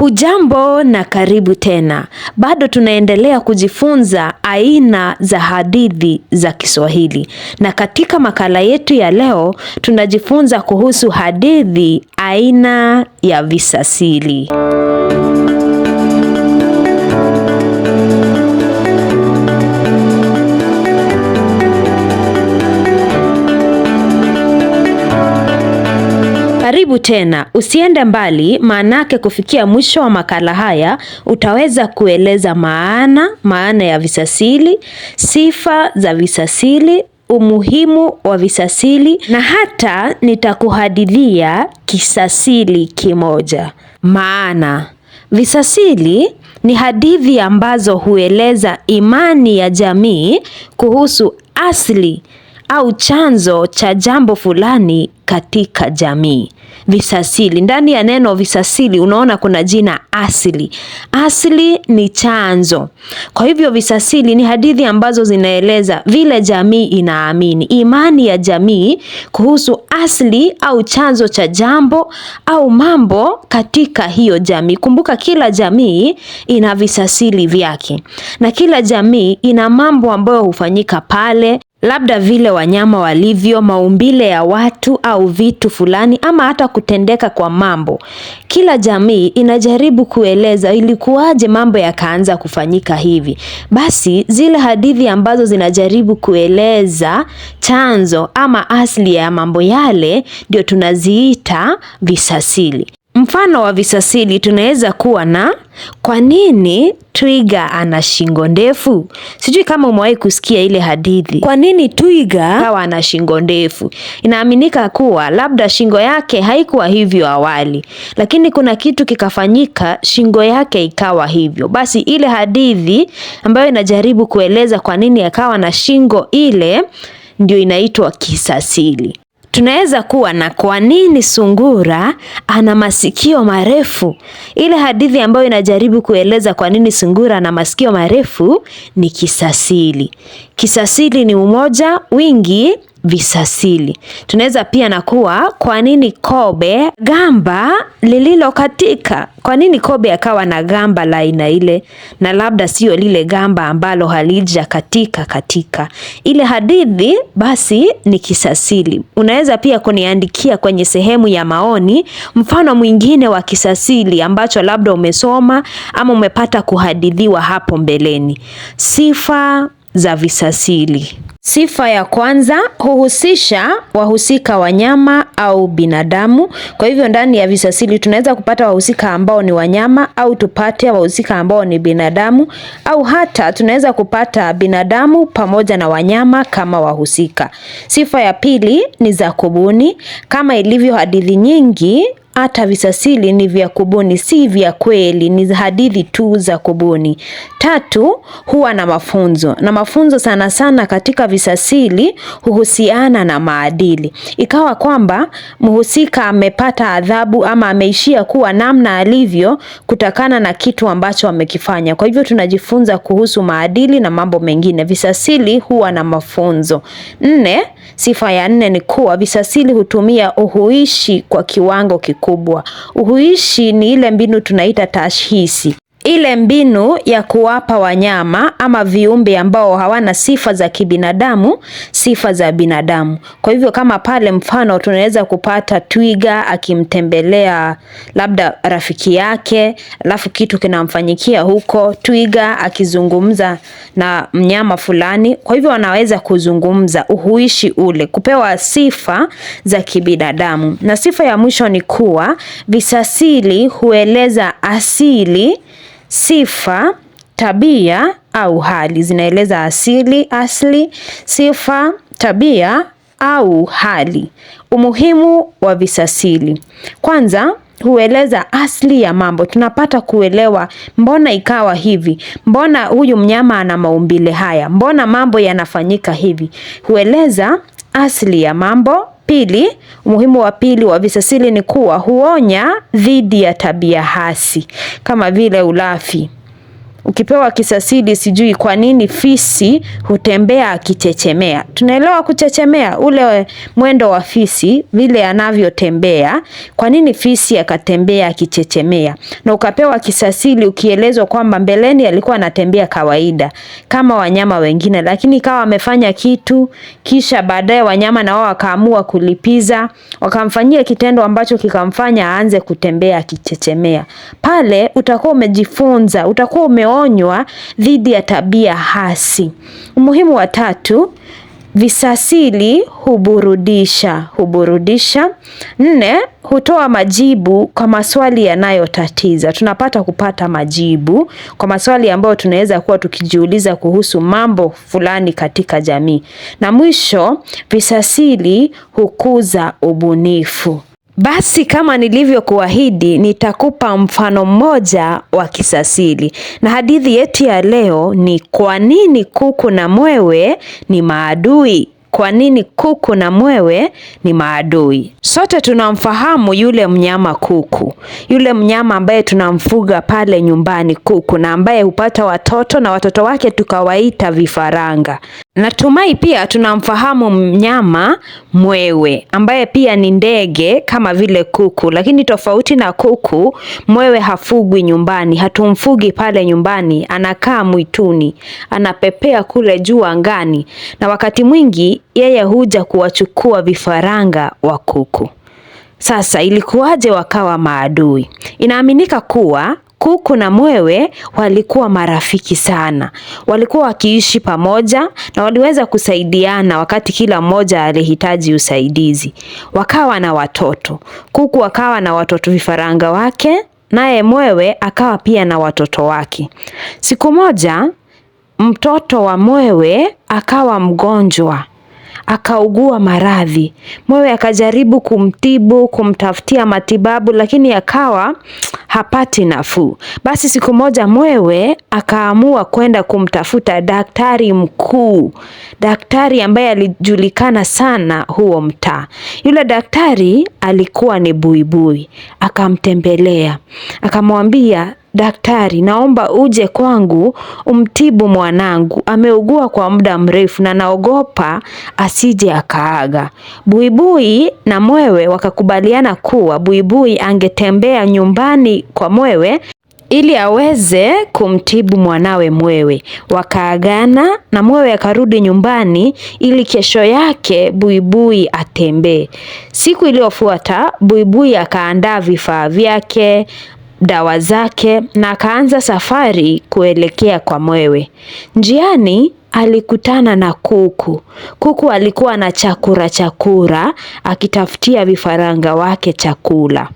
Hujambo na karibu tena. Bado tunaendelea kujifunza aina za hadithi za Kiswahili, na katika makala yetu ya leo tunajifunza kuhusu hadithi aina ya visasili. Karibu tena, usiende mbali maanake kufikia mwisho wa makala haya utaweza kueleza maana, maana ya visasili, sifa za visasili, umuhimu wa visasili na hata nitakuhadithia kisasili kimoja. Maana visasili ni hadithi ambazo hueleza imani ya jamii kuhusu asili au chanzo cha jambo fulani katika jamii. Visasili, ndani ya neno visasili unaona kuna jina asili. Asili ni chanzo. Kwa hivyo visasili ni hadithi ambazo zinaeleza vile jamii inaamini, imani ya jamii kuhusu asili au chanzo cha jambo au mambo katika hiyo jamii. Kumbuka kila jamii ina visasili vyake na kila jamii ina mambo ambayo hufanyika pale labda vile wanyama walivyo, maumbile ya watu au vitu fulani, ama hata kutendeka kwa mambo. Kila jamii inajaribu kueleza ilikuwaje mambo yakaanza kufanyika hivi. Basi zile hadithi ambazo zinajaribu kueleza chanzo ama asili ya mambo yale ndio tunaziita visasili. Mfano wa visasili tunaweza kuwa na kwa nini twiga ana shingo ndefu? Sijui kama umewahi kusikia ile hadithi, kwa nini twiga hawa ana shingo ndefu? Inaaminika kuwa labda shingo yake haikuwa hivyo awali, lakini kuna kitu kikafanyika, shingo yake ikawa hivyo. Basi ile hadithi ambayo inajaribu kueleza kwa nini akawa na shingo ile, ndio inaitwa kisasili tunaweza kuwa na kwa nini sungura ana masikio marefu. Ile hadithi ambayo inajaribu kueleza kwa nini sungura ana masikio marefu ni kisasili. Kisasili ni umoja, wingi visasili. Tunaweza pia na kuwa kwa nini kobe gamba lililokatika? Kwa nini kobe akawa na gamba la aina ile na labda sio lile gamba ambalo katika katika? Ile hadithi basi ni kisasili. Unaweza pia kuniandikia kwenye sehemu ya maoni mfano mwingine wa kisasili ambacho labda umesoma ama umepata kuhadithiwa hapo mbeleni. Sifa za visasili. Sifa ya kwanza huhusisha wahusika wanyama au binadamu. Kwa hivyo ndani ya visasili tunaweza kupata wahusika ambao ni wanyama au tupate wahusika ambao ni binadamu au hata tunaweza kupata binadamu pamoja na wanyama kama wahusika. Sifa ya pili ni za kubuni. Kama ilivyo hadithi nyingi, hata visasili ni vya kubuni, si vya kweli, ni hadithi tu za kubuni. Tatu, huwa na mafunzo, na mafunzo sana sana katika visasili huhusiana na maadili, ikawa kwamba mhusika amepata adhabu ama ameishia kuwa namna alivyo kutokana na kitu ambacho amekifanya. Kwa hivyo tunajifunza kuhusu maadili na mambo mengine. Visasili huwa na mafunzo. Nne, sifa ya nne ni kuwa visasili hutumia uhuishi kwa kiwango kikubwa kubwa. Uhuishi ni ile mbinu tunaita tashhisi ile mbinu ya kuwapa wanyama ama viumbe ambao hawana sifa za kibinadamu sifa za binadamu. Kwa hivyo kama pale mfano tunaweza kupata twiga akimtembelea labda rafiki yake, alafu kitu kinamfanyikia huko, twiga akizungumza na mnyama fulani. Kwa hivyo wanaweza kuzungumza, uhuishi ule, kupewa sifa za kibinadamu. Na sifa ya mwisho ni kuwa visasili hueleza asili Sifa, tabia au hali zinaeleza asili, asili, sifa, tabia au hali. Umuhimu wa visasili. Kwanza hueleza asili ya mambo. Tunapata kuelewa mbona ikawa hivi, mbona huyu mnyama ana maumbile haya, mbona mambo yanafanyika hivi. Hueleza asili ya mambo Pili, umuhimu wa pili wa visasili ni kuwa huonya dhidi ya tabia hasi kama vile ulafi. Ukipewa kisasidi, sijui kwa nini fisi hutembea akichechemea. Tunaelewa kuchechemea, ule mwendo wa fisi vile anavyotembea. Kwa nini fisi akatembea akichechemea? Na ukapewa kisasidi, ukielezwa kwamba mbeleni alikuwa anatembea kawaida kama wanyama wengine, lakini ikawa amefanya kitu, kisha baadaye wanyama na wao wakaamua kulipiza, wakamfanyia kitendo ambacho kikamfanya aanze kutembea akichechemea. Pale utakuwa umejifunza, utakuwa ume kuonywa dhidi ya tabia hasi. Umuhimu wa tatu, visasili huburudisha huburudisha. Nne, hutoa majibu kwa maswali yanayotatiza. Tunapata kupata majibu kwa maswali ambayo tunaweza kuwa tukijiuliza kuhusu mambo fulani katika jamii. Na mwisho, visasili hukuza ubunifu. Basi kama nilivyokuahidi nitakupa mfano mmoja wa kisasili. Na hadithi yetu ya leo ni kwa nini kuku na mwewe ni maadui. Kwa nini kuku na mwewe ni maadui? Sote tunamfahamu yule mnyama kuku, yule mnyama ambaye tunamfuga pale nyumbani, kuku, na ambaye hupata watoto na watoto wake tukawaita vifaranga. Natumai pia tunamfahamu mnyama mwewe ambaye pia ni ndege kama vile kuku, lakini tofauti na kuku, mwewe hafugwi nyumbani, hatumfugi pale nyumbani, anakaa mwituni, anapepea kule juu angani, na wakati mwingi yeye huja kuwachukua vifaranga wa kuku. Sasa ilikuwaje wakawa maadui? Inaaminika kuwa Kuku na mwewe walikuwa marafiki sana. Walikuwa wakiishi pamoja na waliweza kusaidiana wakati kila mmoja alihitaji usaidizi. Wakawa na watoto. Kuku akawa na watoto vifaranga wake, naye mwewe akawa pia na watoto wake. Siku moja mtoto wa mwewe akawa mgonjwa, akaugua maradhi. Mwewe akajaribu kumtibu, kumtafutia matibabu, lakini akawa hapati nafuu. Basi siku moja mwewe akaamua kwenda kumtafuta daktari mkuu, daktari ambaye alijulikana sana huo mtaa. Yule daktari alikuwa ni Buibui. Akamtembelea akamwambia, Daktari, naomba uje kwangu umtibu mwanangu, ameugua kwa muda mrefu na naogopa asije akaaga. Buibui na mwewe wakakubaliana kuwa Buibui angetembea nyumbani kwa Mwewe ili aweze kumtibu mwanawe Mwewe. Wakaagana na Mwewe akarudi nyumbani ili kesho yake Buibui atembee. Siku iliyofuata Buibui akaandaa vifaa vyake, dawa zake na akaanza safari kuelekea kwa Mwewe. Njiani alikutana na kuku. Kuku alikuwa na chakura chakura akitafutia vifaranga wake chakula.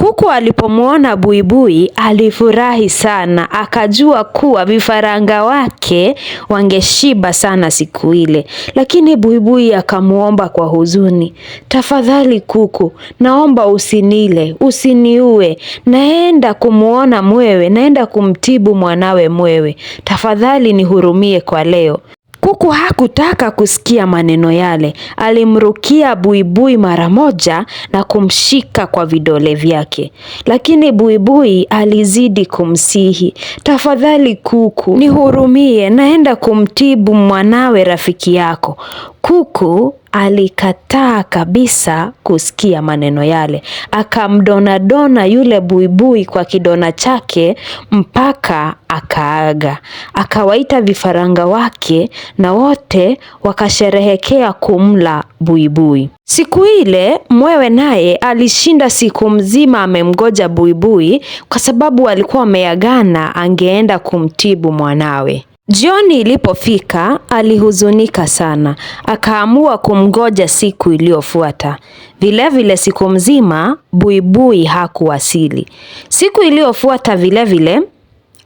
Kuku alipomwona Buibui alifurahi sana, akajua kuwa vifaranga wake wangeshiba sana siku ile. Lakini Buibui akamwomba kwa huzuni, tafadhali kuku, naomba usinile, usiniue, naenda kumwona mwewe, naenda kumtibu mwanawe mwewe, tafadhali nihurumie kwa leo. Kuku hakutaka kusikia maneno yale. Alimrukia Buibui mara moja na kumshika kwa vidole vyake, lakini Buibui alizidi kumsihi, tafadhali kuku, nihurumie, naenda kumtibu mwanawe rafiki yako. Kuku Alikataa kabisa kusikia maneno yale, akamdonadona yule buibui kwa kidona chake mpaka akaaga. Akawaita vifaranga wake na wote wakasherehekea kumla buibui. Siku ile mwewe naye alishinda siku mzima amemgoja buibui, kwa sababu alikuwa ameagana angeenda kumtibu mwanawe. Jioni ilipofika alihuzunika sana, akaamua kumgoja siku iliyofuata. Vilevile siku mzima buibui hakuwasili. Siku iliyofuata vilevile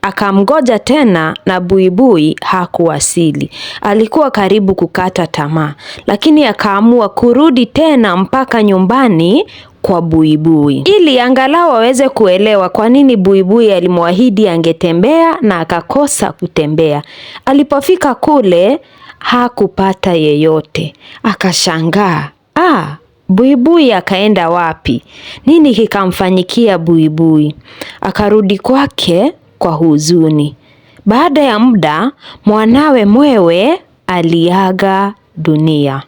akamgoja tena na buibui hakuwasili. Alikuwa karibu kukata tamaa, lakini akaamua kurudi tena mpaka nyumbani kwa Buibui ili angalau waweze kuelewa kwa nini Buibui alimwahidi angetembea na akakosa kutembea. Alipofika kule hakupata yeyote, akashangaa. Ah, Buibui akaenda wapi? Nini kikamfanyikia Buibui? Akarudi kwake kwa huzuni. Baada ya muda, mwanawe Mwewe aliaga dunia.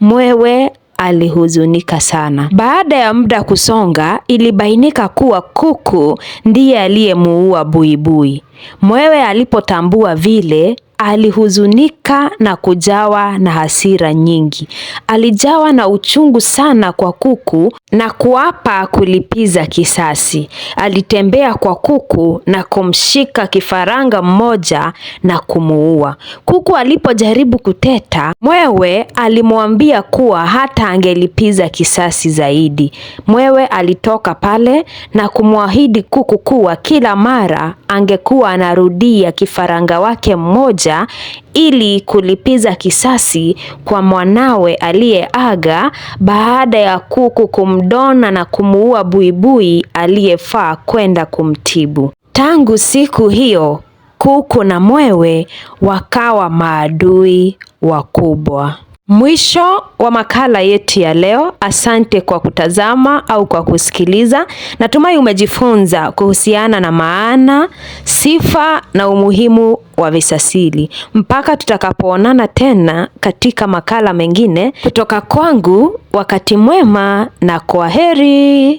Mwewe alihuzunika sana. Baada ya muda kusonga, ilibainika kuwa kuku ndiye aliyemuua Buibui. Mwewe alipotambua vile Alihuzunika na kujawa na hasira nyingi. Alijawa na uchungu sana kwa kuku na kuapa kulipiza kisasi. Alitembea kwa kuku na kumshika kifaranga mmoja na kumuua. Kuku alipojaribu kuteta, mwewe alimwambia kuwa hata angelipiza kisasi zaidi. Mwewe alitoka pale na kumwahidi kuku kuwa kila mara angekuwa anarudia kifaranga wake mmoja kisha ili kulipiza kisasi kwa mwanawe aliyeaga baada ya kuku kumdona na kumuua buibui aliyefaa kwenda kumtibu. Tangu siku hiyo kuku na mwewe wakawa maadui wakubwa. Mwisho wa makala yetu ya leo. Asante kwa kutazama au kwa kusikiliza. Natumai umejifunza kuhusiana na maana, sifa na umuhimu wa Visasili. Mpaka tutakapoonana tena katika makala mengine kutoka kwangu, wakati mwema na kwaheri.